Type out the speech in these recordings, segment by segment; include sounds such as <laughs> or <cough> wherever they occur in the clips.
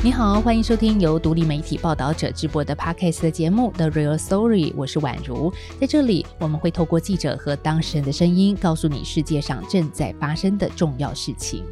你好，歡迎收聽由獨立媒體報導者直播的 Podcast 節目《The Real Story》。我是婉如，在這裡我們會透過記者和當事人的聲音，告訴你世界上正在發生的重要事情。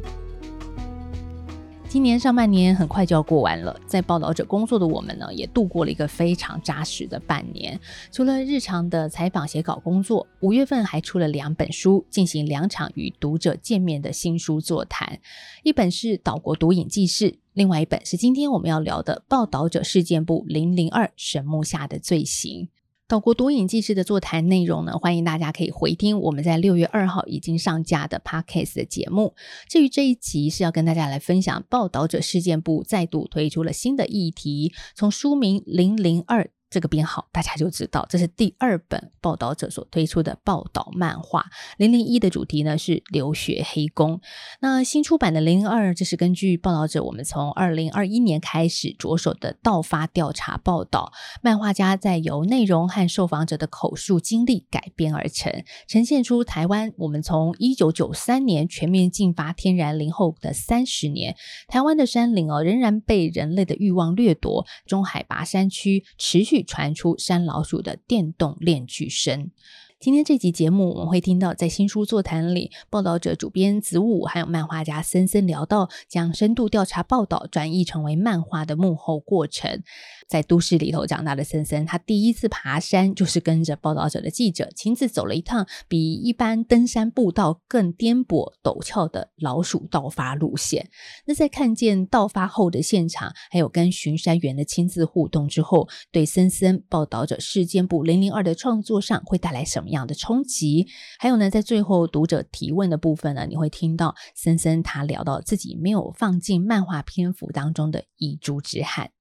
今年上半年很快就要過完了，在報導者工作的我們呢，也度過了一個非常扎實的半年。除了日常的採訪寫稿工作，五月份還出了兩本書，進行兩場與讀者見面的新書座談。一本是《島國毒癮紀事》。另外一本是今天我們要聊的《報道者事件簿零零二：神木下的罪行》。島國多影紀事的座談內容呢，歡迎大家可以回聽我們在六月二號已經上架的 Podcast 的節目。至於這一集是要跟大家來分享《報道者事件簿》再度推出了新的議題，從書名“零零二”。這個編號大家就知道，這是第二本報道者所推出的報道漫畫零零一，的主題呢是留學黑工。那新出版的零零二，這是根據報道者我們從二零二一年開始着手的盜伐調查報道漫畫家在由內容和受訪者的口述經歷改編而成，呈現出台灣。我們從一九九三年全面禁伐天然林後的三十年，台灣的山林哦仍然被人類的慾望掠奪，中海拔山區持續，傳出山老鼠的電動鏈鋸聲。今天這集節目，我們會聽到在新書座談裡，報道者、主編子午還有漫畫家森森聊到將深度調查報道轉譯成為漫畫的幕後過程。在都市裡頭長大的森森，他第一次爬山就是跟着報道者的記者親自走了一趟，比一般登山步道更顛簸陡峭的老鼠盜伐路線。那在看見盜伐後的現場，還有跟巡山員的親自互動之後，對森森報道者事件簿零零二的創作上會帶來什麼樣的衝擊？還有呢，在最後讀者提問的部分呢，你會聽到森森他聊到自己沒有放進漫畫篇幅當中的遺珠之憾。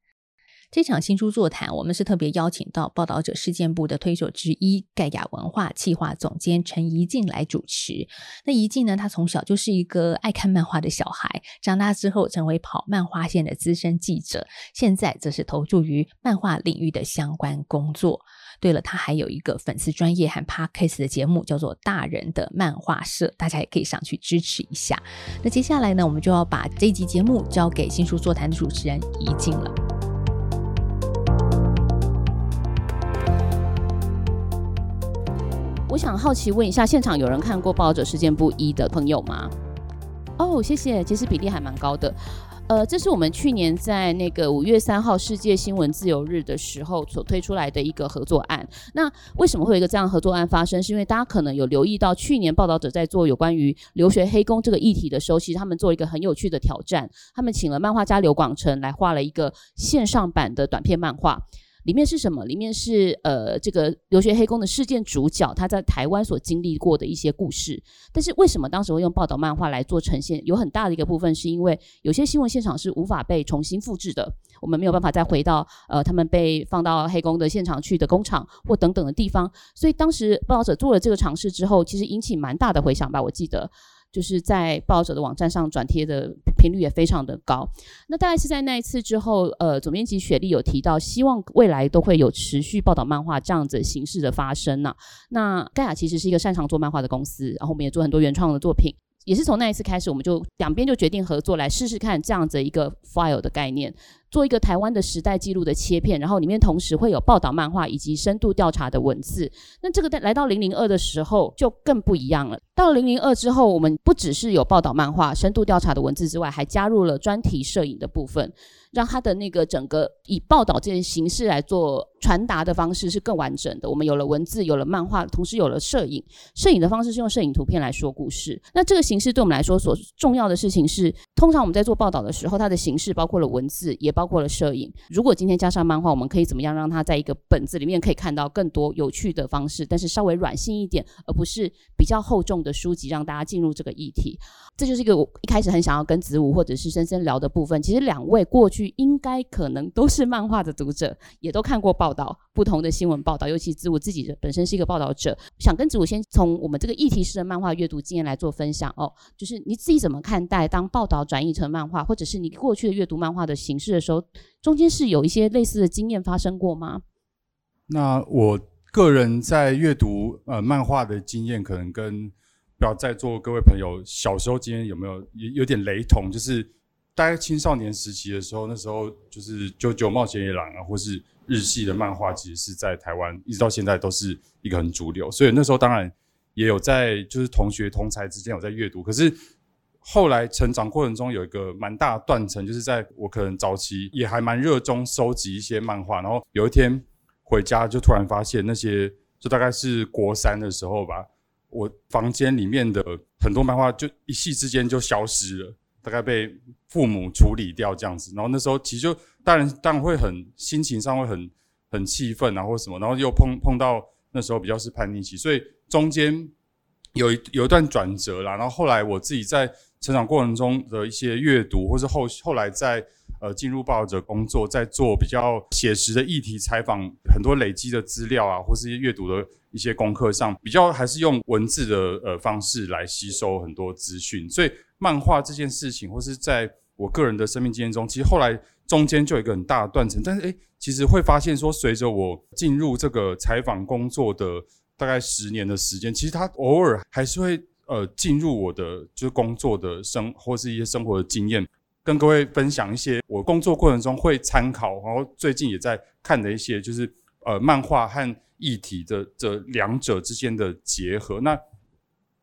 這場新書座談，我們是特別邀請到《報道者》事件簿的推手之一、蓋亞文化企劃總監陳怡靜來主持。那怡靜呢，她從小就是一個愛看漫畫的小孩，長大之後成為跑漫畫線的資深記者，現在則是投注於漫畫領域的相關工作。對了，他還有一個粉絲專業和 podcast 的節目，叫做《大人的漫畫社》，大家也可以上去支持一下。那接下來呢，我們就要把這一集節目交給新書座談的主持人怡靜了。我想好奇問一下，現場有人看過《報道者事件簿一》的朋友嗎？哦，謝謝，其實比例還蠻高的。呃，這是我們去年在那個五月三號世界新聞自由日的時候所推出來的一個合作案。那為什麼會有一個這樣合作案發生？是因為大家可能有留意到，去年報道者在做有關於留學黑工這個議題的時候，其實他們做一個很有趣的挑戰，他們請了漫畫家柳廣成來畫了一個線上版的短片漫畫。裡面是什麼？裡面是呃，這個留學黑工的事件主角他在台灣所經歷過的一些故事。但是為什麼當時會用報道漫畫來做呈現？有很大的一個部分是因為有些新聞現場是無法被重新複製的，我們沒有辦法再回到呃他們被放到黑工的現場去的工廠或等等的地方，所以當時報道者做了這個嘗試之後，其實引起蠻大的回響吧，我記得。就是在報導者的網站上轉貼的頻率也非常的高，那大概是在那一次之後，呃，總編輯雪莉有提到，希望未來都會有持續報道漫畫這樣子的形式的發生呢、啊。那蓋亞其實是一個擅長做漫畫的公司，然後我們也做很多原創的作品。也是從那一次開始，我們就兩邊就決定合作來試試看這樣子一個 file 的概念，做一個台灣的時代記錄的切片，然後裡面同時會有報道漫畫以及深度調查的文字。那這個在來到零零二的時候就更不一樣了。到零零二之後，我們不只是有報道漫畫、深度調查的文字之外，還加入了專題攝影的部分。讓它的那個整個以報道這些形式來做傳達的方式是更完整的。我們有了文字，有了漫畫，同時有了攝影。攝影的方式是用攝影圖片來說故事。那這個形式對我們來說所重要的事情是，通常我們在做報道的時候，它的形式包括了文字，也包括了攝影。如果今天加上漫畫，我們可以怎麼樣讓它在一個本子裡面可以看到更多有趣的方式，但是稍微軟性一點，而不是比較厚重的書籍，讓大家進入這個議題。這就是一個我一開始很想要跟子午或者是森森聊的部分。其實兩位過去應該可能都是漫畫的讀者，也都看過報道不同的新聞報道。尤其子午自己本身是一個報道者，想跟子午先從我們這個議題式的漫畫閱讀經驗來做分享哦。就是你自己怎麼看待當報道轉譯成漫畫，或者是你過去的閱讀漫畫的形式的時候，中間是有一些類似的經驗發生過嗎？那我個人在閱讀呃漫畫的經驗，可能跟。不知道在座各位朋友小時候今天有沒有有有點雷同，就是大概青少年時期的時候，那時候就是《九九冒險野狼》啊，或是日系的漫畫，其實是在台灣一直到現在都是一個很主流。所以那時候當然也有在，就是同學同儕之間有在閱讀。可是後來成長過程中有一個蠻大的斷層，就是在我可能早期也還蠻熱衷收集一些漫畫，然後有一天回家就突然發現那些，就大概是國三的時候吧。我房間裡面的很多漫畫就一夕之間就消失了，大概被父母處理掉這樣子。然後那時候其實就大人，大人會很心情上會很很氣憤啊，或什麼，然後又碰碰到那時候比較是叛逆期，所以中間有一有一段轉折啦。然後後來我自己在成長過程中的一些閱讀，或是後後來在。呃，進入報導者工作，在做比較寫實的議題採訪，很多累積的資料啊，或是一些閱讀的一些功課上，比較還是用文字的呃方式來吸收很多資訊。所以，漫畫這件事情，或是在我個人的生命經驗中，其實後來中間就有一個很大的斷層。但是，誒、欸，其實會發現說，隨着我進入這個採訪工作的大概十年的時間，其實他偶爾還是會呃進入我的，就是工作的生或是一些生活的經驗。跟各位分享一些我工作過程中會參考，然後最近也在看的一些，就是呃，漫畫和議題的這兩者之間的結合。那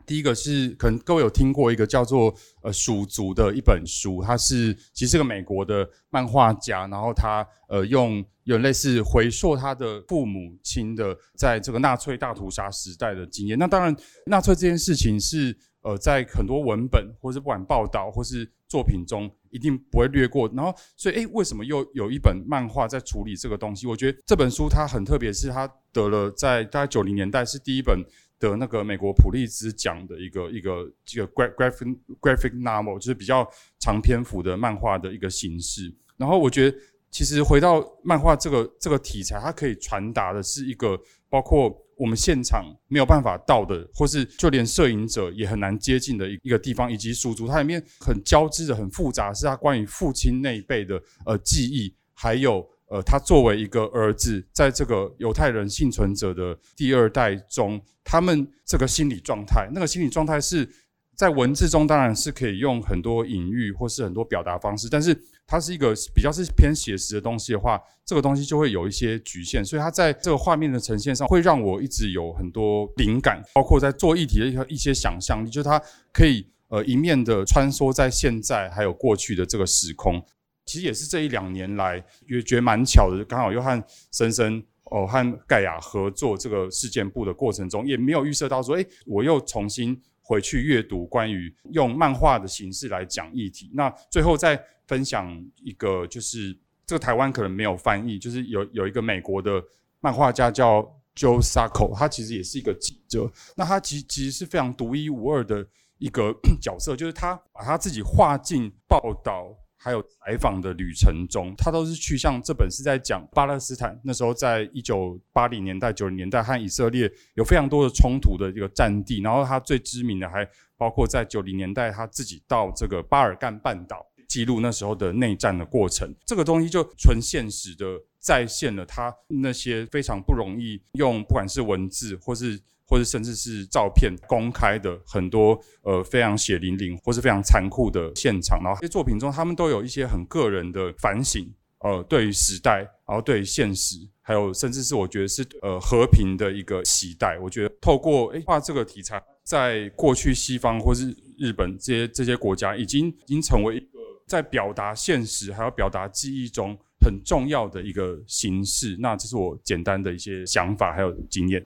第一個是可能各位有聽過一個叫做呃《鼠族》的一本書，它是其實是個美國的漫畫家，然後他呃用有類似回溯他的父母親的在這個納粹大屠殺時代的經驗。那當然，納粹這件事情是。呃，在很多文本，或是不管報道，或是作品中，一定不會略過。然後，所以，哎、欸，為什麼又有一本漫畫在處理這個東西？我覺得這本書它很特別，是它得了在大概九零年代是第一本得那個美國普利茲獎的一個一個這個 graph graphic graphic novel，就是比較長篇幅的漫畫的一個形式。然後，我覺得其實回到漫畫這個這個題材，它可以傳達的是一個包括。我們現場沒有辦法到的，或是就連攝影者也很難接近的一一個地方，以及《鼠族》它裡面很交織的、很複雜，是它關於父親那一輩的呃記憶，還有呃他作為一個兒子，在這個猶太人幸存者的第二代中，他們這個心理狀態，那個心理狀態是。在文字中當然是可以用很多隱喻或是很多表達方式，但是它是一個比較是偏寫實的東西的話，這個東西就會有一些局限，所以它在這個畫面的呈現上會讓我一直有很多靈感，包括在做議題的一一些想象力，就是它可以呃一面的穿梭在現在還有過去的這個時空。其實也是這一兩年來也覺得蠻巧的，剛好又和森森哦和蓋亞合作這個事件簿的過程中，也沒有預設到說，誒、欸、我又重新。回去閱讀關於用漫畫的形式來講議題，那最後再分享一個，就是這個台灣可能沒有翻譯，就是有有一個美國的漫畫家叫 Joe Sacco，他其實也是一個記者，那他其實其實是非常獨一無二的一個角色，就是他把他自己畫進報道。還有採訪的旅程中，他都是去，像這本是在講巴勒斯坦，那時候在一九八零年代、九零年代和以色列有非常多的衝突的一個戰地，然後他最知名的還包括在九零年代他自己到這個巴爾幹半島記錄那時候的內戰的過程，這個東西就純現實的再現了他那些非常不容易用不管是文字或是或者甚至是照片公開的很多呃非常血淋淋或是非常殘酷的現場，然後這些作品中他們都有一些很個人的反省，呃，對於時代，然後對於現實，還有甚至是我覺得是呃和平的一個期待。我覺得透過哎畫這個題材，在過去西方或是日本這些這些國家已經已經成為一個在表達現實還有表達記憶中很重要的一個形式。那這是我簡單的一些想法還有經驗。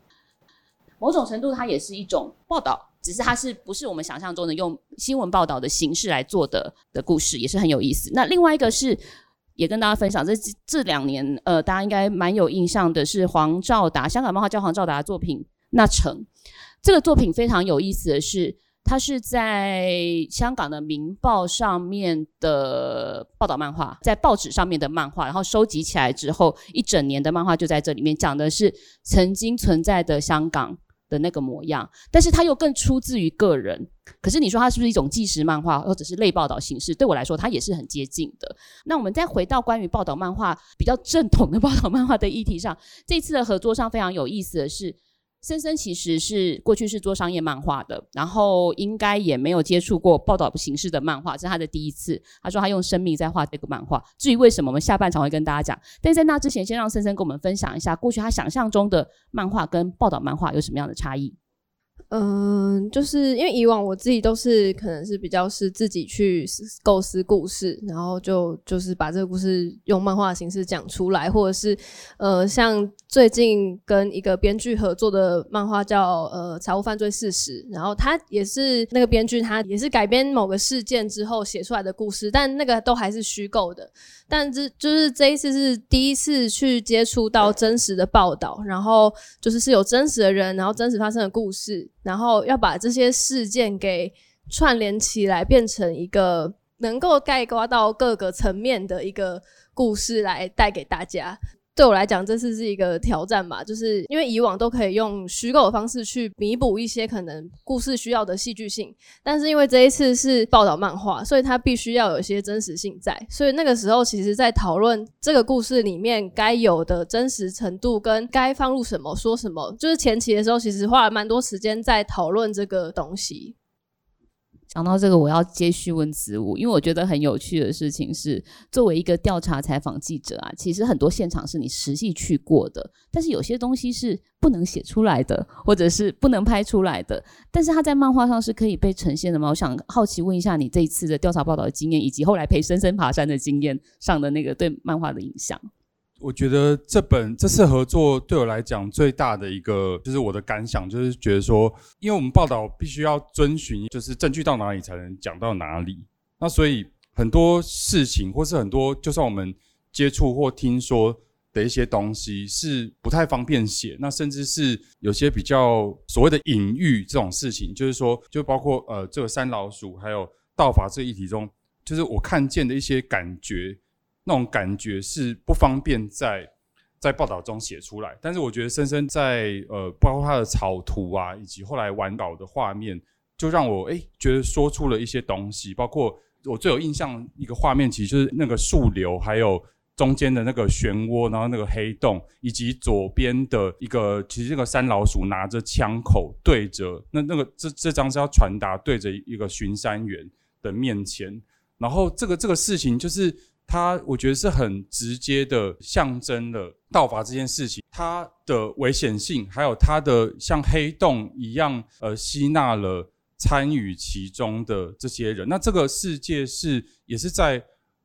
某種程度，它也是一種報道，只是它是不是我們想象中的用新聞報道的形式來做的的故事，也是很有意思。那另外一個是，也跟大家分享，這這兩年，呃，大家應該蠻有印象的，是黃照達香港漫畫家黃照達的作品《那城》。這個作品非常有意思的是，它是在香港的《明報》上面的報道漫畫，在報紙上面的漫畫，然後收集起來之後，一整年的漫畫就在這裡面，講的是曾經存在的香港的那個模樣，但是它又更出自於個人。可是你說它是不是一種紀實漫畫，或者是類報道形式？對我來說，它也是很接近的。那我們再回到關於報道漫畫比較正統的報道漫畫的議題上，這次的合作上非常有意思的是。森森其實是過去是做商業漫畫的，然後應該也沒有接觸過報道形式的漫畫，這是他的第一次。他說他用生命在畫這個漫畫。至於為什麼，我們下半場會跟大家講。但在那之前，先讓森森跟我們分享一下，過去他想象中的漫畫跟報道漫畫有什麼樣的差異。嗯、呃，就是因為以往我自己都是可能是比較是自己去構思故事，然後就就是把這個故事用漫畫的形式講出來，或者是呃像。最近跟一個編劇合作的漫畫叫，呃，《財務犯罪事實》，然後他也是那個編劇，他也是改編某個事件之後寫出來的故事，但那個都還是虛構的。但這就是這一次是第一次去接觸到真實的報道，然後就是是有真實的人，然後真實發生的故事，然後要把這些事件給串聯起來，變成一個能夠概括到各個層面的一個故事來帶給大家。對我來講，這次是一個挑戰吧，就是因為以往都可以用虛構的方式去彌補一些可能故事需要的戲劇性，但是因為這一次是報道漫畫，所以它必須要有一些真實性在，所以那個時候其實，在討論這個故事裡面該有的真實程度跟該放入什麼說什麼，就是前期的時候，其實花了蠻多時間在討論這個東西。講到這個，我要接續問子午。因為我覺得很有趣的事情是，作為一個調查採訪記者啊，其實很多現場是你實際去過的，但是有些東西是不能寫出來的，或者是不能拍出來的，但是它在漫畫上是可以被呈現的嗎？我想好奇問一下你這一次的調查報道的經驗，以及後來陪森森爬山的經驗上的那個對漫畫的影響。我覺得這本這次合作對我來講最大的一個，就是我的感想，就是覺得說，因為我們報道必須要遵循，就是證據到哪裡才能講到哪裡。那所以很多事情，或是很多就算我們接觸或聽說的一些東西，是不太方便寫。那甚至是有些比較所謂的隱喻這種事情，就是說，就包括呃這個山老鼠還有盜伐這一題中，就是我看見的一些感覺。那種感覺是不方便在在報道中寫出來，但是我覺得森森在呃，包括他的草圖啊，以及後來完稿的畫面，就讓我誒、欸、覺得說出了一些東西。包括我最有印象一個畫面，其實就是那個樹流，還有中間的那個漩渦，然後那個黑洞，以及左邊的一個，其實那個山老鼠拿着槍口對着那那個這這張是要傳達對着一個巡山員的面前，然後這個這個事情就是。它，他，我覺得是很直接的象徵了盜伐這件事情，它的危險性，還有它的像黑洞一樣，呃，吸納了參與其中的這些人。那這個世界是，也是在，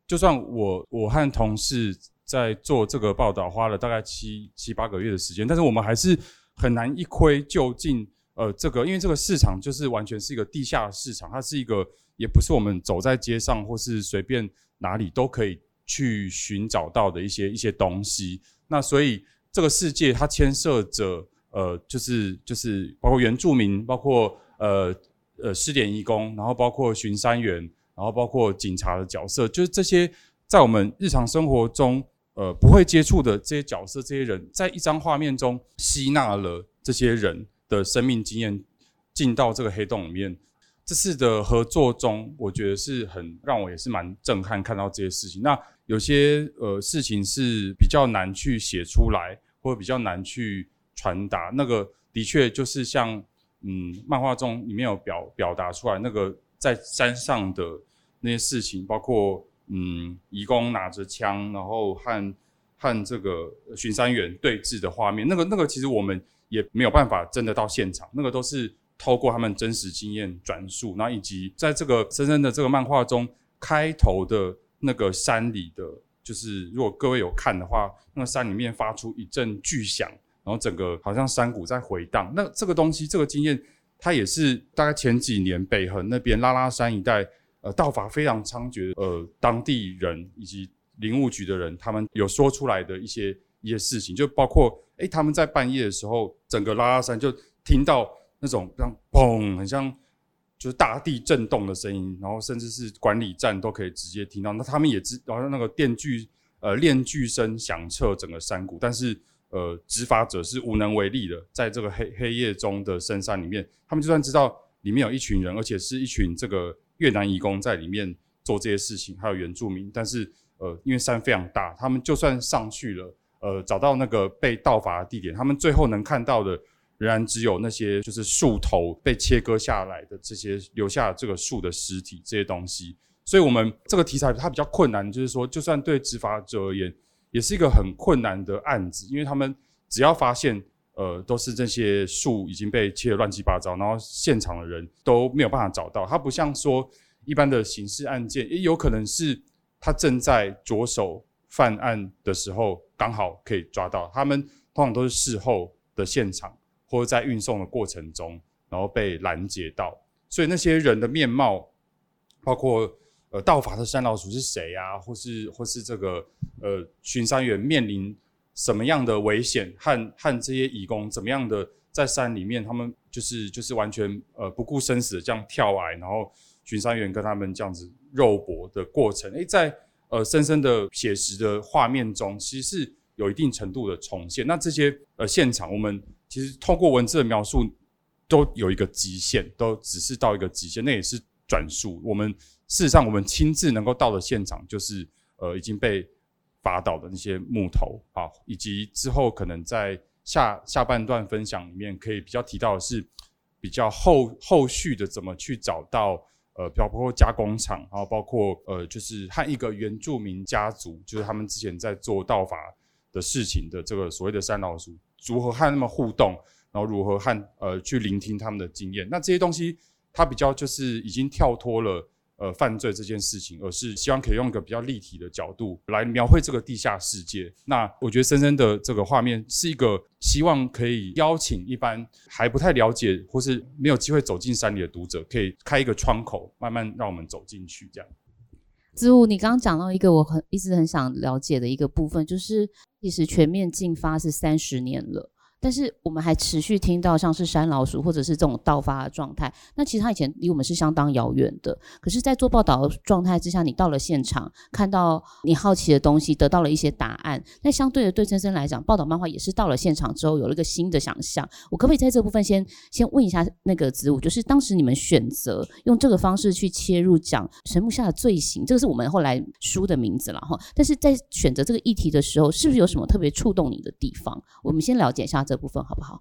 就算我，我和同事在做這個報道，花了大概七七八個月的時間，但是我們還是很難一窺究竟。呃，這個，因為這個市場就是完全是一個地下市場，它是一個也不是我們走在街上或是隨便哪裡都可以去尋找到的一些一些東西。那所以這個世界它牽涉着呃，就是就是包括原住民，包括呃呃失聯移工，然後包括巡山員，然後包括警察的角色，就是這些在我們日常生活中呃不會接觸的這些角色，這些人在一張畫面中吸納了這些人的生命經驗進到這個黑洞裡面，這次的合作中，我覺得是很讓我也是蠻震撼，看到這些事情。那有些呃事情是比較難去寫出來，或者比較難去傳達。那個的確就是像嗯，漫畫中裡面有表表達出來，那個在山上的那些事情，包括嗯，移工拿着槍，然後和和這個巡山員對峙的畫面。那個那個其實我們。也沒有辦法真的到現場，那個都是透過他們真實經驗轉述，然後以及在這個森森的這個漫畫中開頭的那個山裡的，就是如果各位有看的話，那個山裡面發出一陣巨響，然後整個好像山谷在回盪。那這個東西，這個經驗，它也是大概前幾年北橫那邊拉拉山一帶，呃，盜伐非常猖獗的呃當地人以及林務局的人，他們有說出來的一些。一些事情就包括，哎、欸，他們在半夜的時候，整個拉拉山就聽到那種像砰，很像就是大地震動的聲音，然後甚至是管理站都可以直接聽到。那他們也知道，好像那個電鋸呃鏈鋸聲響徹整個山谷，但是呃，執法者是無能為力的，在這個黑黑夜中的深山裡面，他們就算知道裡面有一群人，而且是一群這個越南移工在裡面做這些事情，還有原住民，但是呃，因為山非常大，他們就算上去了。呃，找到那個被盜伐的地點，他們最後能看到的，仍然只有那些就是樹頭被切割下來的這些，留下這個樹的屍體這些東西。所以，我們這個題材它比較困難，就是說，就算對執法者而言，也是一個很困難的案子，因為他們只要發現，呃，都是這些樹已經被切得亂七八糟，然後現場的人都沒有辦法找到。它不像說一般的刑事案件，也、欸、有可能是他正在着手犯案的時候。剛好可以抓到他們，通常都是事後的現場，或者在運送的過程中，然後被攔截到。所以那些人的面貌，包括呃，盜伐的山老鼠是誰啊？或是或是這個呃，巡山員面臨什麼樣的危險？和和這些移工怎麼樣的在山裡面，他們就是就是完全呃不顧生死的這樣跳崖，然後巡山員跟他們這樣子肉搏的過程。哎、欸，在。呃，深深的寫實的畫面中，其實是有一定程度的重現。那這些呃現場，我們其實透過文字的描述，都有一個極限，都只是到一個極限。那也是轉述。我們事實上，我們親自能夠到的現場，就是呃已經被伐倒的那些木頭啊，以及之後可能在下下半段分享裡面，可以比較提到的是比較後後續的怎麼去找到。呃，包括加工廠，然後包括呃，就是和一個原住民家族，就是他們之前在做盜伐的事情的這個所謂的山老鼠，如何和他們互動，然後如何和呃去聆聽他們的經驗，那這些東西，它比較就是已經跳脫了。呃，犯罪這件事情，而是希望可以用一個比較立體的角度來描繪這個地下世界。那我覺得森森的這個畫面是一個希望可以邀請一般還不太了解或是沒有機會走進山裡的讀者，可以開一個窗口，慢慢讓我們走進去這樣。子午，你剛講到一個我很一直很想了解的一個部分，就是其實全面禁伐是三十年了。但是我們還持續聽到像是山老鼠或者是這種盜伐的狀態，那其實它以前離我們是相當遙遠的。可是，在做報道的狀態之下，你到了現場，看到你好奇的東西，得到了一些答案。那相對的，對森森來講，報道漫畫也是到了現場之後有了一個新的想象。我可不可以在這部分先先問一下那個子午，就是當時你們選擇用這個方式去切入講神木下的罪行，這個是我們後來書的名字了哈。但是在選擇這個議題的時候，是不是有什麼特別觸動你的地方？我們先了解一下。的部分好不好？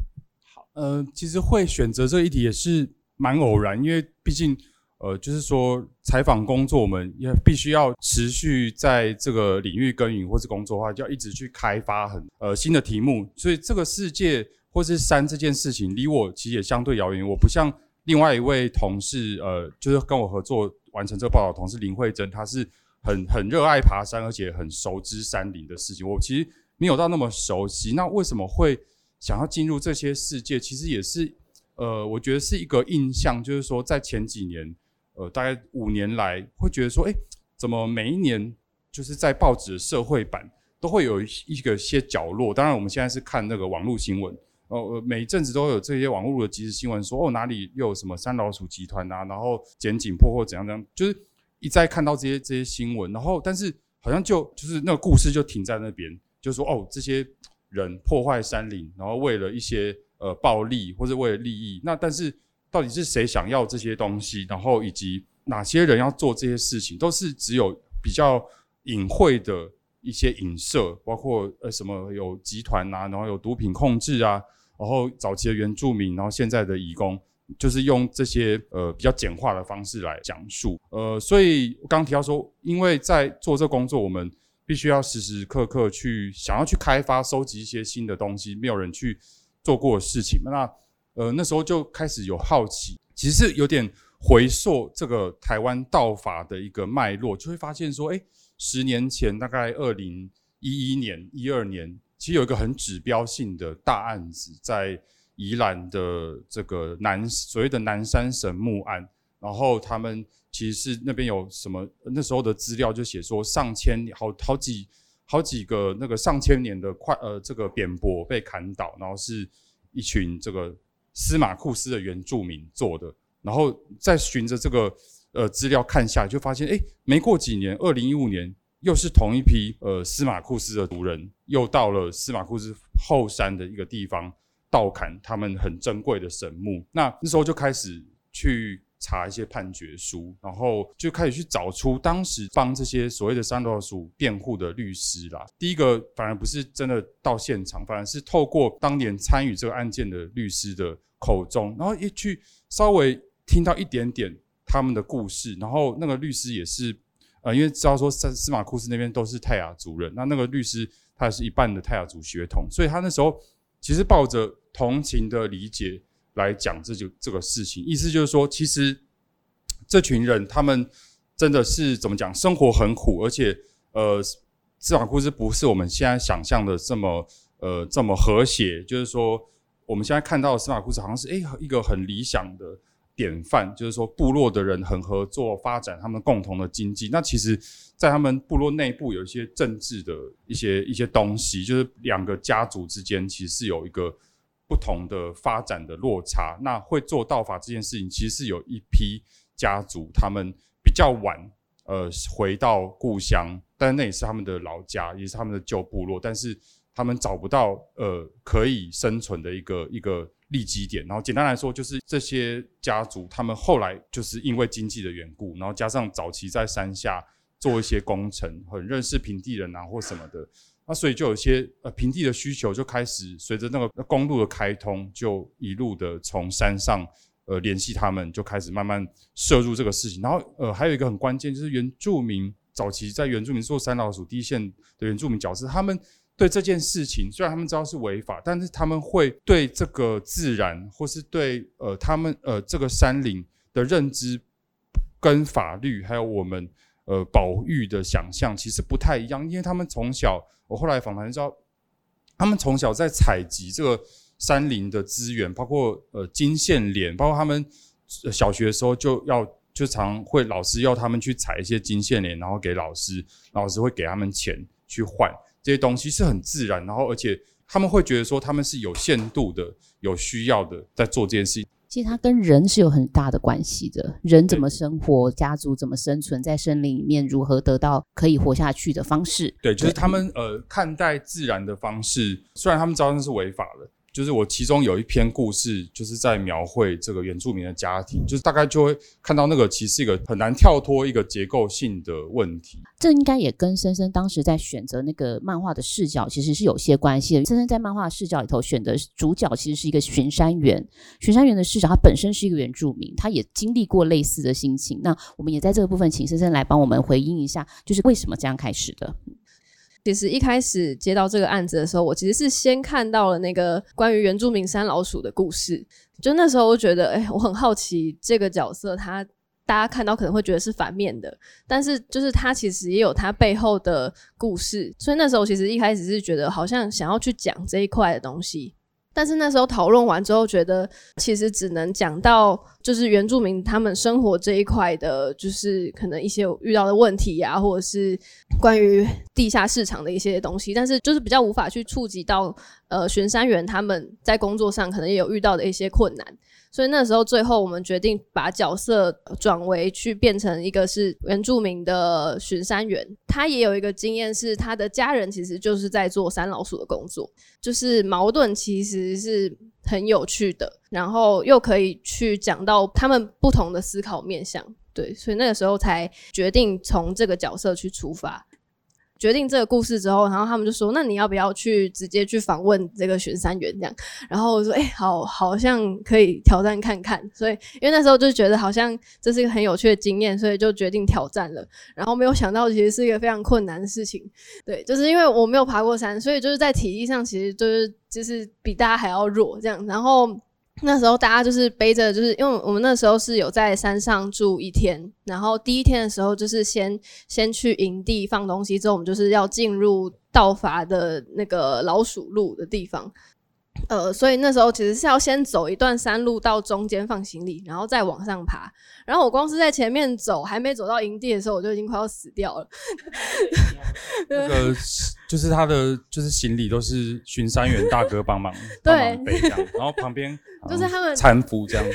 好，嗯，其實會選擇這一題也是蠻偶然，因為畢竟，呃，就是說，採訪工作我們也必須要持續在這個領域耕耘，或是工作的話，就要一直去開發很呃新的題目。所以，這個世界或是山這件事情，離我其實也相對遙遠。我不像另外一位同事，呃，就是跟我合作完成這個報道的同事林慧貞，他是很很熱愛爬山，而且很熟知山林的事情。我其實沒有到那麼熟悉。那為什麼會？想要進入這些世界，其實也是，呃，我覺得是一個印象，就是說，在前幾年，呃，大概五年來，會覺得說，哎、欸，怎麼每一年就是在報紙的社會版都會有一個些角落。當然，我們現在是看那個網絡新聞，呃，每一陣子都有這些網絡的即時新聞，說哦，哪裡又有什麼山老鼠集團吶、啊，然後檢警破獲怎樣怎樣，就是一再看到這些這些新聞，然後但是好像就就是那個故事就停在那邊，就說哦，這些。人破壞山林，然後為了一些呃暴利，或者為了利益，那但是到底是誰想要這些東西，然後以及哪些人要做這些事情，都是只有比較隱晦的一些影射，包括呃什麼有集團吶、啊，然後有毒品控制啊，然後早期的原住民，然後現在的移工，就是用這些呃比較簡化的方式來講述。呃，所以我剛提到說，因為在做這工作，我們。必須要時時刻刻去想要去開發、收集一些新的東西，沒有人去做過的事情。那呃，那時候就開始有好奇，其實有點回溯這個台灣盜伐的一個脈絡，就會發現說，哎、欸，十年前大概二零一一年、一二年，其實有一個很指標性的大案子，在宜蘭的這個南所謂的南山神木案。然後他們其實是那邊有什麼？那時候的資料就寫說，上千年好好幾好幾個那個上千年的快呃這個扁柏被砍倒，然後是一群這個司馬庫斯的原住民做的。然後再循着這個呃資料看下，就發現哎，沒過幾年，二零一五年又是同一批呃司馬庫斯的族人又到了司馬庫斯後山的一個地方，盜砍他們很珍貴的神木。那那時候就開始去。查一些判決書，然後就開始去找出當時幫這些所謂的山老鼠辯護的律師啦。第一個反而不是真的到現場，反而是透過當年參與這個案件的律師的口中，然後也去稍微聽到一點點他們的故事。然後那個律師也是，呃，因為知道說在司馬庫斯那邊都是泰雅族人，那那個律師他也是一半的泰雅族血統，所以他那時候其實抱着同情的理解。來講這就這個事情，意思就是說，其實這群人他們真的是怎麼講，生活很苦，而且呃，司馬庫斯不是我們現在想象的這麼呃這麼和諧。就是說，我們現在看到的司馬庫斯好像是哎一個很理想的典範，就是說部落的人很合作發展他們共同的經濟。那其實，在他們部落內部有一些政治的一些一些東西，就是兩個家族之間其實是有一個。不同的發展的落差，那會做盜伐這件事情，其實是有一批家族，他們比較晚呃回到故鄉，但那也是他們的老家，也是他們的舊部落，但是他們找不到呃可以生存的一個一個立基點。然後簡單來說，就是這些家族他們後來就是因為經濟的緣故，然後加上早期在山下做一些工程，很認識平地人啊或什麼的。那所以就有一些呃平地的需求就開始隨着那個公路的開通，就一路的從山上呃聯繫他們，就開始慢慢涉入這個事情。然後呃還有一個很關鍵就是原住民早期在原住民做山老鼠第一線的原住民角色，他們對這件事情雖然他們知道是違法，但是他們會對這個自然或是對呃他們呃這個山林的認知跟法律還有我們。呃，保育的想象其實不太一樣，因為他們從小，我後來訪談知道，他們從小在採集這個山林的資源，包括呃金線蓮，包括他們小學的時候就要就常會老師要他們去採一些金線蓮，然後給老師，老師會給他們錢去換這些東西是很自然，然後而且他們會覺得說他們是有限度的、有需要的在做這件事。其實它跟人是有很大的關係的，人怎麼生活，對家族怎麼生存，在森林裡面如何得到可以活下去的方式。對，對就是他們呃看待自然的方式，雖然他們招生是違法的。就是我其中有一篇故事，就是在描繪這個原住民的家庭，就是大概就會看到那個其實是一個很難跳脫一個結構性的問題。這應該也跟森森當時在選擇那個漫畫的視角其實是有些關係的。森森在漫畫視角裡頭選的主角其實是一個巡山員，巡山員的視角，他本身是一個原住民，他也經歷過類似的心情。那我們也在這個部分請森森來幫我們回應一下，就是為什麼這樣開始的。其實一開始接到這個案子的時候，我其實是先看到了那個關於原住民山老鼠的故事。就那時候，我覺得，哎、欸，我很好奇這個角色，他大家看到可能會覺得是反面的，但是就是他其實也有他背後的故事。所以那時候其實一開始是覺得好像想要去講這一塊的東西，但是那時候討論完之後，覺得其實只能講到。就是原住民他們生活這一塊的，就是可能一些有遇到的問題呀、啊，或者是關於地下市場的一些東西，但是就是比較無法去觸及到呃，巡山員他們在工作上可能也有遇到的一些困難，所以那時候最後我們決定把角色轉為去變成一個是原住民的巡山員，他也有一個經驗是他的家人其實就是在做山老鼠的工作，就是矛盾其實是。很有趣的，然後又可以去講到他們不同的思考面向，對，所以那個時候才決定從這個角色去出發。決定這個故事之後，然後他們就說：“那你要不要去直接去訪問這個巡山員這樣？”然後我說：“誒，好，好像可以挑戰看看。”所以，因為那時候就覺得好像這是一個很有趣的經驗，所以就決定挑戰了。然後沒有想到，其實是一個非常困難的事情。對，就是因為我沒有爬過山，所以就是在體力上，其實就是就是比大家還要弱這樣。然後。那時候大家就是背着，就是因為我們那時候是有在山上住一天，然後第一天的時候就是先先去營地放東西，之後我們就是要進入盜伐的那個老鼠路的地方。呃，所以那時候其實是要先走一段山路到中間放行李，然後再往上爬。然後我光是在前面走，還沒走到營地的時候，我就已經快要死掉了。那個就是他的，就是行李都是巡山員大哥幫忙幫忙背這樣，對。然後旁邊就是他們攙扶這樣。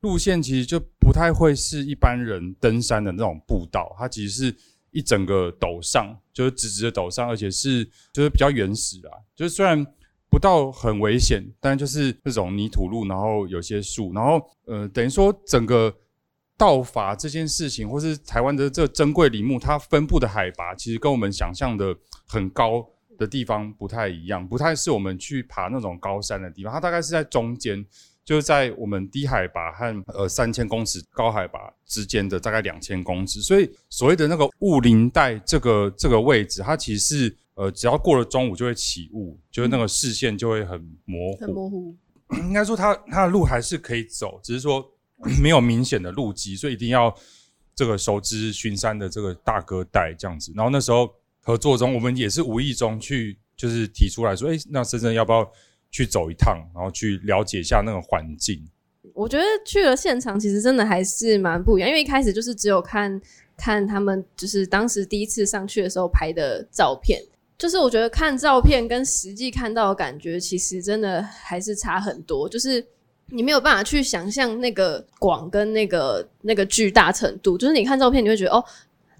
路線其實就不太會是一般人登山的那種步道，它其實是一整個陡上，就是直直的陡上，而且是就是比較原始啦、啊，就是雖然。不到很危險，但就是這種泥土路，然後有些樹，然後呃，等於說整個盜伐這件事情，或是台灣的這珍貴林木，它分布的海拔其實跟我們想象的很高的地方不太一樣，不太是我們去爬那種高山的地方，它大概是在中間，就是在我們低海拔和呃三千公尺高海拔之間的大概兩千公尺，所以所謂的那個霧林帶這個這個位置，它其實是。呃，只要過了中午就會起霧，就是那個視線就會很模糊。很模糊。 <coughs> 應該說他，他他的路還是可以走，只是說沒有明顯的路跡，所以一定要這個熟知巡山的這個大哥帶這樣子。然後那時候合作中，我們也是無意中去，就是提出來說：“哎、欸，那神木要不要去走一趟，然後去了解一下那個環境？”我覺得去了現場，其實真的還是蠻不一樣，因為一開始就是只有看看他們，就是當時第一次上去的時候拍的照片。就是我覺得看照片跟實際看到的感覺，其實真的還是差很多。就是你沒有辦法去想象那個廣跟那個那個巨大程度。就是你看照片，你會覺得哦，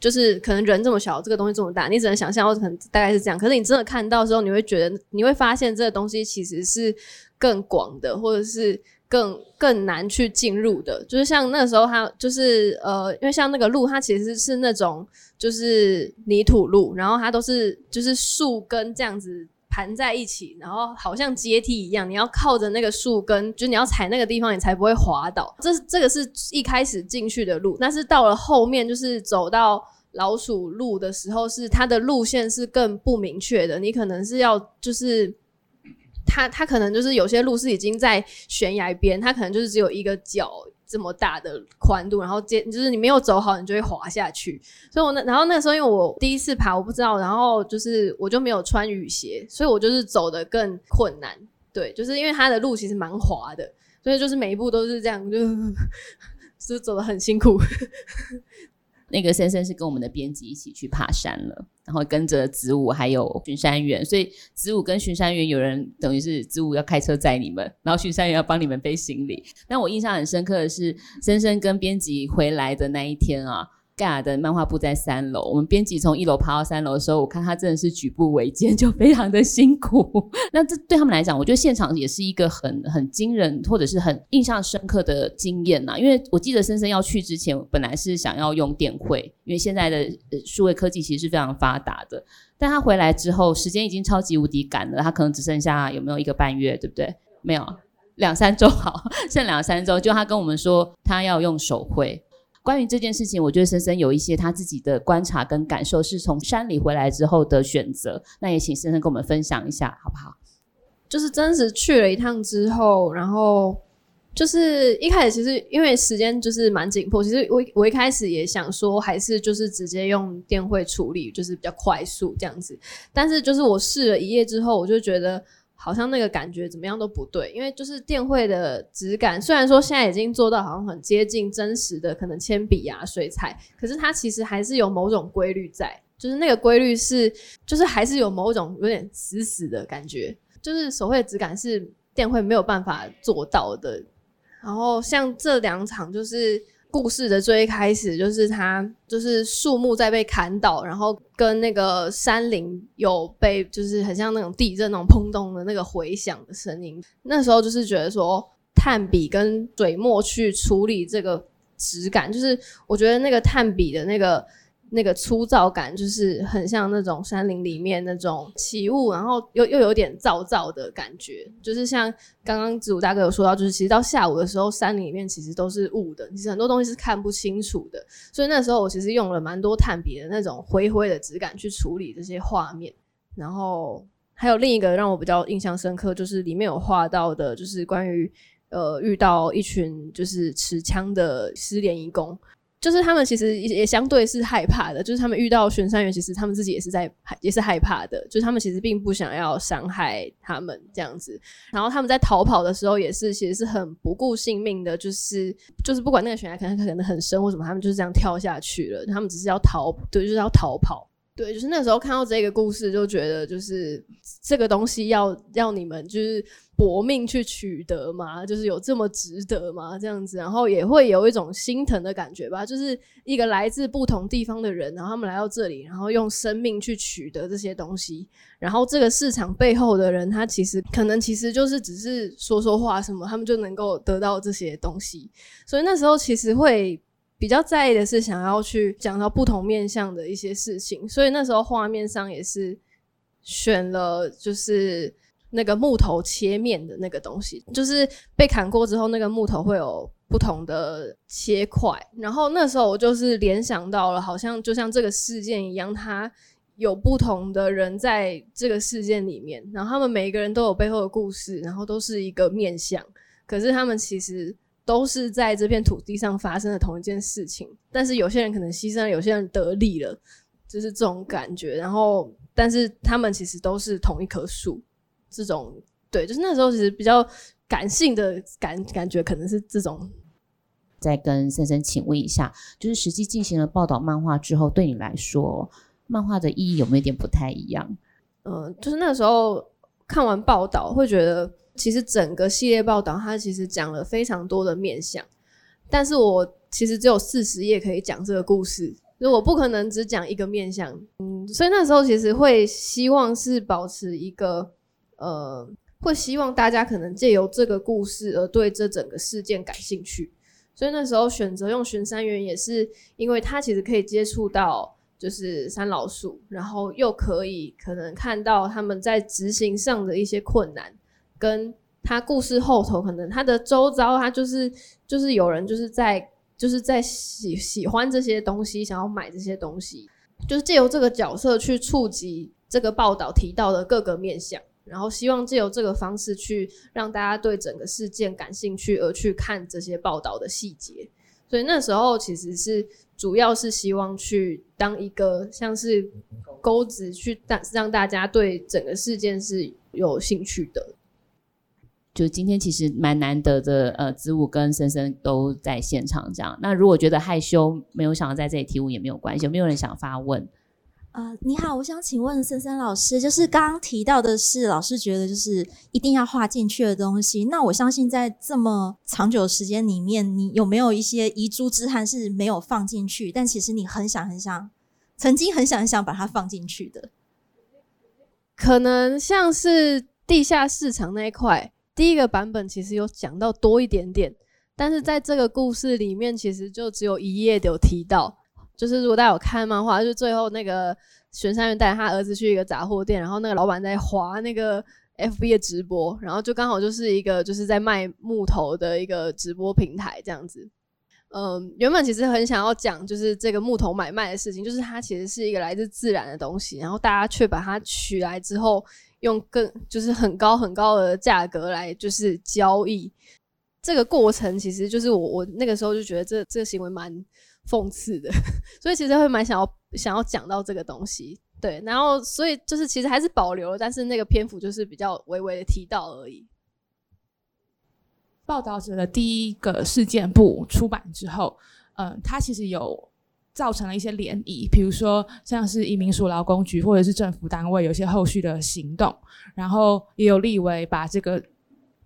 就是可能人這麼小，這個東西這麼大，你只能想象，哦，可能大概是這樣。可是你真的看到之後，你會覺得你會發現這個東西其實是更廣的，或者是。更更難去進入的，就是像那時候，它就是呃，因為像那個路，它其實是那種就是泥土路，然後它都是就是樹根這樣子盤在一起，然後好像階梯一樣，你要靠着那個樹根，就是、你要踩那個地方，你才不會滑倒。這這個是一開始進去的路，那是到了後面，就是走到老鼠路的時候是，是它的路線是更不明確的，你可能是要就是。他他可能就是有些路是已經在懸崖邊，他可能就是只有一個腳這麼大的寬度，然後接就是你沒有走好，你就會滑下去。所以我那然後那時候因為我第一次爬，我不知道，然後就是我就沒有穿雨鞋，所以我就是走得更困難。對，就是因為它的路其實蠻滑的，所以就是每一步都是這樣，就是，是走得很辛苦。 <laughs> 那個森森是跟我們的編輯一起去爬山了，然後跟着子午還有巡山員，所以子午跟巡山員有人等於是子午要開車載你們，然後巡山員要幫你們背行李。但我印象很深刻的是，森森跟編輯回來的那一天啊。蓋亞的漫畫部在三樓，我們編輯從一樓爬到三樓的時候，我看他真的是舉步維艱，就非常的辛苦。 <laughs> 那這對他們來講，我覺得現場也是一個很很驚人或者是很印象深刻的經驗吶、啊。因為我記得森森要去之前，本來是想要用電繪，因為現在的數位科技其實是非常發達的。但他回來之後，時間已經超級無敵趕了，他可能只剩下有沒有一個半月，對不對？沒有，兩三周好，剩兩三周。就他跟我們說，他要用手繪。關於這件事情，我覺得森森有一些他自己的觀察跟感受，是從山裡回來之後的選擇。那也請森森跟我們分享一下，好不好？就是真實去了一趟之後，然後就是一開始其實因為時間就是蠻緊迫，其實我我一開始也想說還是就是直接用電繪處理，就是比較快速這樣子。但是就是我試了一夜之後，我就覺得。好像那個感覺怎麼樣都不對，因為就是電繪的質感，雖然說現在已經做到好像很接近真實的，可能鉛筆呀、啊、水彩，可是它其實還是有某種規律在，就是那個規律是，就是還是有某種有點死死的感覺，就是手繪的質感是電繪沒有辦法做到的。然後像這兩場就是。故事的最一開始就是它，就是樹木在被砍倒，然後跟那個山林有被，就是很像那種地震那種砰咚的那個回響的聲音。那時候就是覺得說，炭筆跟水墨去處理這個質感，就是我覺得那個炭筆的那個。那個粗糙感就是很像那種山林裡面那種起霧，然後又又有點燥燥的感覺，就是像剛剛子午大哥有說到，就是其實到下午的時候，山林裡面其實都是霧的，其實很多東西是看不清楚的。所以那時候我其實用了蠻多炭筆的那種灰灰的質感去處理這些畫面。然後還有另一個讓我比較印象深刻，就是裡面有畫到的，就是關於呃遇到一群就是持槍的失聯移工。就是他們其實也也相對是害怕的，就是他們遇到巡山員，其實他們自己也是在也是害怕的，就是他們其實並不想要傷害他們這樣子，然後他們在逃跑的時候也是其實是很不顧性命的，就是就是不管那個懸崖可能可能很深或什麼，他們就是這樣跳下去了，他們只是要逃，對，就是要逃跑。對，就是那時候看到這個故事，就覺得就是這個東西要要你們就是搏命去取得嘛，就是有這麼值得嗎？這樣子，然後也會有一種心疼的感覺吧。就是一個來自不同地方的人，然後他們來到這裡，然後用生命去取得這些東西，然後這個市場背後的人，他其實可能其實就是只是說說話什麼，他們就能夠得到這些東西。所以那時候其實會。比較在意的是想要去講到不同面向的一些事情，所以那時候畫面上也是選了就是那個木頭切面的那個東西，就是被砍過之後那個木頭會有不同的切塊。然後那時候我就是聯想到了，好像就像這個事件一樣，它有不同的人在這個事件裡面，然後他們每一個人都有背後的故事，然後都是一個面向，可是他們其實。都是在這片土地上發生的同一件事情，但是有些人可能犧牲了，有些人得利了，就是這種感覺。然後，但是他們其實都是同一棵樹，這種對，就是那時候其實比較感性的感感覺，可能是這種。再跟森森請問一下，就是實際進行了報道漫畫之後，對你來說，漫畫的意義有沒有一點不太一樣？嗯、呃，就是那時候看完報道會覺得。其實整個系列報道，它其實講了非常多的面向，但是我其實只有四十頁可以講這個故事，所以我不可能只講一個面向。嗯，所以那時候其實會希望是保持一個，呃，會希望大家可能借由這個故事而對這整個事件感興趣，所以那時候選擇用巡山員也是，因為他其實可以接觸到就是山老鼠，然後又可以可能看到他們在執行上的一些困難。跟他故事後頭，可能他的周遭，他就是就是有人就是在就是在喜喜歡這些東西，想要買這些東西，就是借由這個角色去觸及這個報道提到的各個面向，然後希望借由這個方式去讓大家對整個事件感興趣，而去看這些報道的細節。所以那時候其實是主要是希望去當一個像是鈎子，去讓大家對整個事件是有興趣的。就今天其實蠻難得的，呃，子午跟森森都在現場這樣。那如果覺得害羞，沒有想要在這裡提問也沒有關係。有沒有人想發問？呃，你好，我想請問森森老師，就是剛剛提到的是老師覺得就是一定要畫進去的東西。那我相信在這麼長久的時間裡面，你有沒有一些遺珠之憾是沒有放進去，但其實你很想很想，曾經很想很想把它放進去的？可能像是地下市場那一塊。第一個版本其實有講到多一點點，但是在這個故事裡面，其實就只有一頁有提到。就是如果大家有看漫畫，就最後那個巡山員帶他兒子去一個雜貨店，然後那個老闆在劃那個 FB 的直播，然後就剛好就是一個就是在賣木頭的一個直播平台這樣子。嗯，原本其實很想要講就是這個木頭買賣的事情，就是它其實是一個來自自然的東西，然後大家卻把它取來之後。用更就是很高很高的價格來就是交易，這個過程其實就是我我那個時候就覺得這這個行為蠻諷刺的， <laughs> 所以其實會蠻想要想要講到這個東西，對，然後所以就是其實還是保留，但是那個篇幅就是比較微微的提到而已。報道者的第一個事件簿出版之後，嗯、呃，他其實有。造成了一些漣漪，比如說像是移民署、勞工局或者是政府單位有些後續的行動，然後也有立委把這個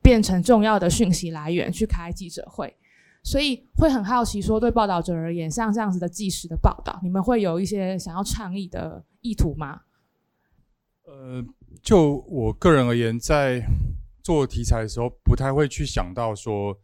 變成重要的訊息來源，去開記者會，所以會很好奇，說對報道者而言，像這樣子的即時的報道，你們會有一些想要倡議的意圖嗎？呃，就我個人而言，在做題材的時候，不太會去想到說，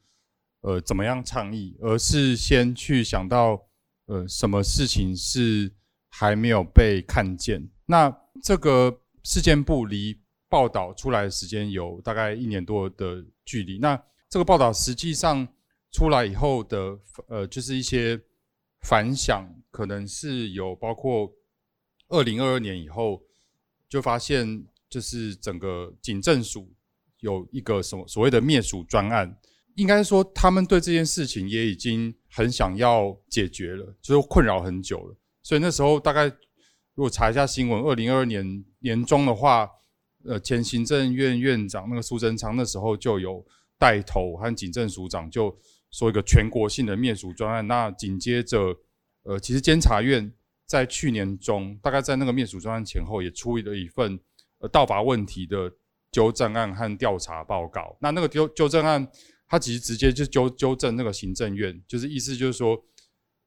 呃，怎麼樣倡議，而是先去想到。呃，什麼事情是還沒有被看見？那這個事件簿離報道出來的時間有大概一年多的距離。那這個報道實際上出來以後的，呃，就是一些反響，可能是有包括二零二二年以後就發現，就是整個警政署有一個什麼所謂的滅鼠專案，應該說他們對這件事情也已經。很想要解決了，就是困擾很久了。所以那時候大概，如果查一下新聞，二零二二年年中的話，呃，前行政院院長那個蘇貞昌那時候就有帶頭和警政署長就說一個全國性的滅鼠專案。那緊接着，呃，其實監察院在去年中，大概在那個滅鼠專案前後也出了一份呃盜伐問題的糾正案和調查報告。那那個糾糾正案。他其實直接就糾糾正那個行政院，就是意思就是說，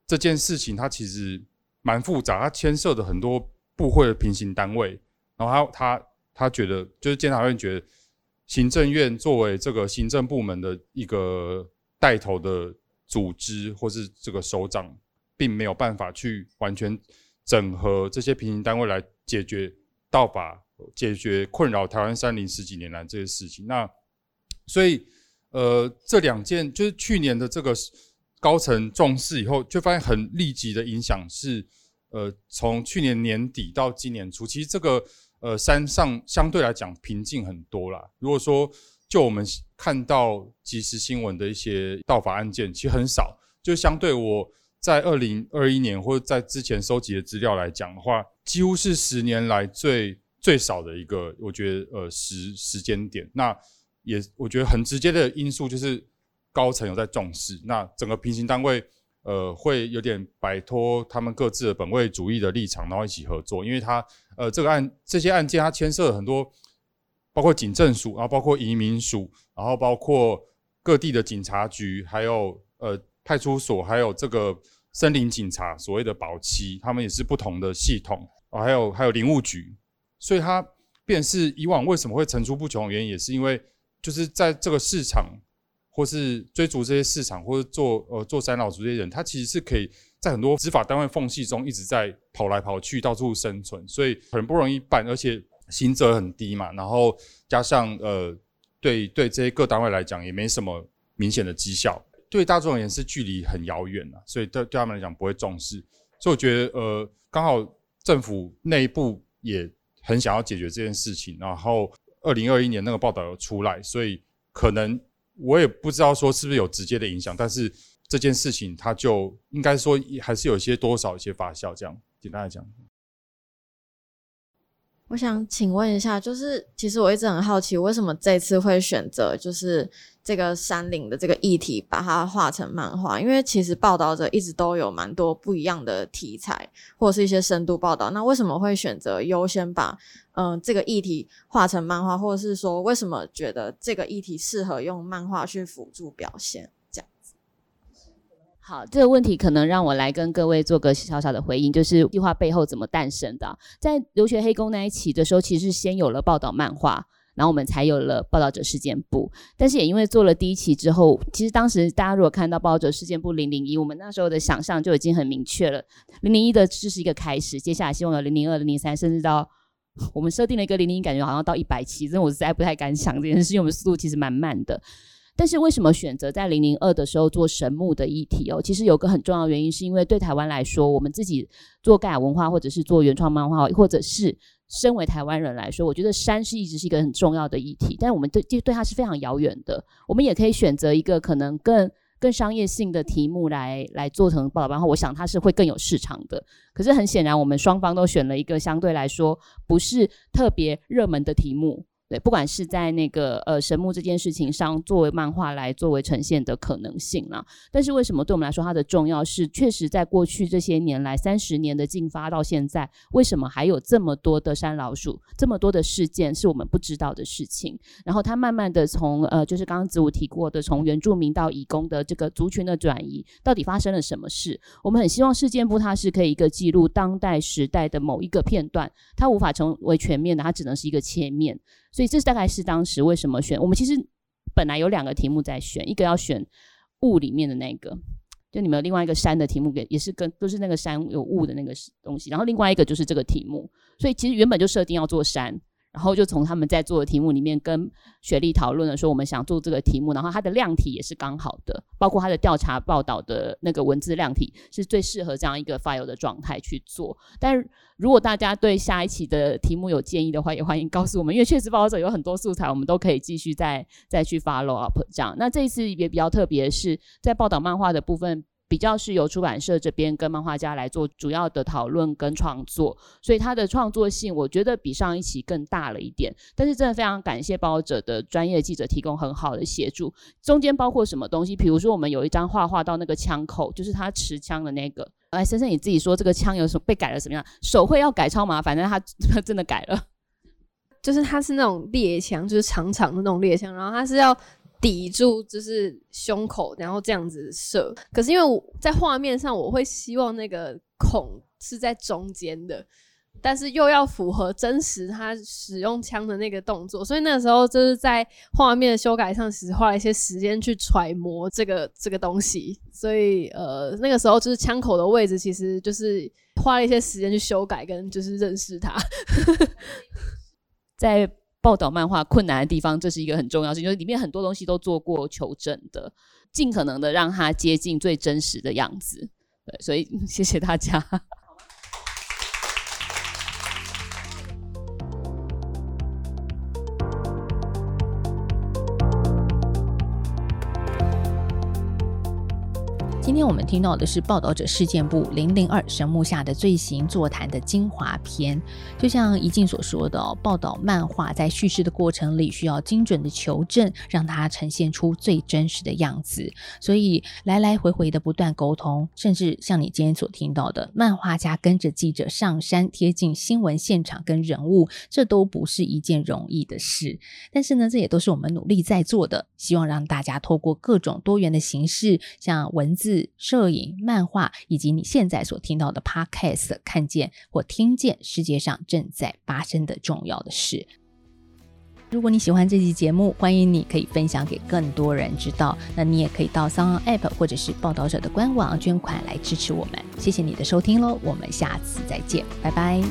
這件事情它其實蠻複雜，它牽涉的很多部會的平行單位。然後他他他覺得，就是監察院覺得，行政院作為這個行政部門的一個帶頭的組織，或是這個首長，並沒有辦法去完全整合這些平行單位來解決盜伐，解決困擾台灣山林十幾年來這些事情。那所以。呃，這兩件就是去年的這個高層重視以後，就發現很立即的影響是，呃，從去年年底到今年初，其實這個呃山上相對來講平靜很多啦。如果說就我們看到即時新聞的一些盜伐案件，其實很少，就相對我在二零二一年或者在之前收集的資料來講的話，幾乎是十年來最最少的一個，我覺得呃時時間點。那也我覺得很直接的因素就是高層有在重視，那整個平行單位，呃，會有點擺脫他們各自的本位主義的立場，然後一起合作。因為他呃，這個案這些案件它牽涉很多，包括警政署，然後包括移民署，然後包括各地的警察局，還有呃派出所，還有這個森林警察所謂的保七。他們也是不同的系統，還有還有林務局，所以它便是以往為什麼會層出不窮的原因，也是因為。就是在這個市場，或是追逐這些市場，或者做呃做山老鼠這些人，他其實是可以在很多執法單位縫隙中一直在跑來跑去，到處生存，所以很不容易辦，而且刑責很低嘛，然後加上呃對對這些各單位來講也沒什麼明顯的績效，對大眾而言是距離很遙遠了，所以對對他們來講不會重視，所以我覺得呃剛好政府內部也很想要解決這件事情，然後。二零二一年那個報道有出來，所以可能我也不知道說是不是有直接的影響，但是這件事情它就應該說還是有些多少一些發酵這樣，簡單來講。我想請問一下，就是其實我一直很好奇，為什麼這次會選擇就是這個山林的這個議題，把它畫成漫畫？因為其實報道者一直都有蠻多不一樣的題材，或者是一些深度報道。那為什麼會選擇優先把嗯、呃、這個議題畫成漫畫，或者是說為什麼覺得這個議題適合用漫畫去輔助表現？好，這個問題可能讓我來跟各位做個小小的回應，就是計劃背後怎麼誕生的、啊。在留學黑工那一期的時候，其實先有了報道漫畫，然後我們才有了報道者事件簿。但是也因為做了第一期之後，其實當時大家如果看到報道者事件簿零零一，我們那時候的想象就已經很明確了。零零一的只是一個開始，接下來希望有零零二、零零三，甚至到我們設定了一個零零一，感覺好像到一百期，所以我實在不太敢想這件事情。因為我們速度其實蠻慢的。但是為什麼選擇在零零二的時候做神木的議題哦？其實有個很重要的原因，是因為對台灣來說，我們自己做蓋亞文化，或者是做原創漫畫，或者是身為台灣人來說，我覺得山是一直是一個很重要的議題。但是我們對就對它是非常遙遠的。我們也可以選擇一個可能更更商業性的題目來來做成報道漫畫，我想它是會更有市場的。可是很顯然，我們雙方都選了一個相對來說不是特別熱門的題目。對，不管是在那個呃神木這件事情上，作為漫畫來作為呈現的可能性啦。但是為什麼對我們來說它的重要是確實在過去這些年來，三十年的禁伐到現在，為什麼還有這麼多的山老鼠，這麼多的事件是我們不知道的事情？然後它慢慢的從呃就是剛剛子午提過的，從原住民到移工的這個族群的轉移，到底發生了什麼事？我們很希望事件簿它是可以一個記錄當代時代的某一個片段，它無法成為全面的，它只能是一個切面。所以這是大概是當時為什麼選我們，其實本來有兩個題目在選，一個要選霧裡面的那個，就你們有另外一個山的題目，也也是跟都是那個山有霧的那個東西，然後另外一個就是這個題目，所以其實原本就設定要做山。然後就從他們在做的題目裡面跟雪莉討論了說，我們想做這個題目，然後它的量體也是剛好的，包括它的調查報道的那個文字量體是最適合這樣一個 file 的狀態去做。但如果大家對下一期的題目有建議的話，也歡迎告訴我們，因為確實報道者有很多素材，我們都可以繼續再再去 follow up 這樣。那這一次也比較特別的是在報道漫畫的部分。比較是由出版社這邊跟漫畫家來做主要的討論跟創作，所以他的創作性我覺得比上一期更大了一點。但是真的非常感謝報導者的專業記者提供很好的協助，中間包括什麼東西，比如說我們有一張畫畫到那個槍口，就是他持槍的那個。哎、欸，森森，你自己說這個槍有什麼被改了什麼樣？手繪要改超麻煩，反正他他真的改了，就是他是那種獵槍，就是長長的那種獵槍，然後他是要。抵住就是胸口，然後這樣子射。可是因為我在畫面上，我會希望那個孔是在中間的，但是又要符合真實他使用槍的那個動作，所以那個時候就是在畫面的修改上，其實花了一些時間去揣摩這個這個東西。所以呃，那個時候就是槍口的位置，其實就是花了一些時間去修改跟就是認識它， <laughs> <laughs> 在。報道漫畫困難的地方，這是一個很重要的事情，就是裡面很多東西都做過求證的，盡可能的讓它接近最真實的樣子。對，所以謝謝大家。我們聽到的是報道者事件簿零零二神木下的罪行座談的精華篇，就像怡靜所說的，報道漫畫在敘事的過程裡需要精準的求證，讓它呈現出最真實的樣子，所以來來回回的不斷溝通，甚至像你今天所聽到的，漫畫家跟着記者上山，貼近新聞現場跟人物，這都不是一件容易的事。但是呢，這也都是我們努力在做的，希望讓大家透過各種多元的形式，像文字、攝影、漫畫，以及你現在所聽到的 Podcast，看見或聽見世界上正在發生的重要的事。如果你喜歡這期節目，歡迎你可以分享給更多人知道。那你也可以到 SoundOn App 或者是報道者的官網捐款來支持我們。謝謝你的收聽嘍，我們下次再見，拜拜。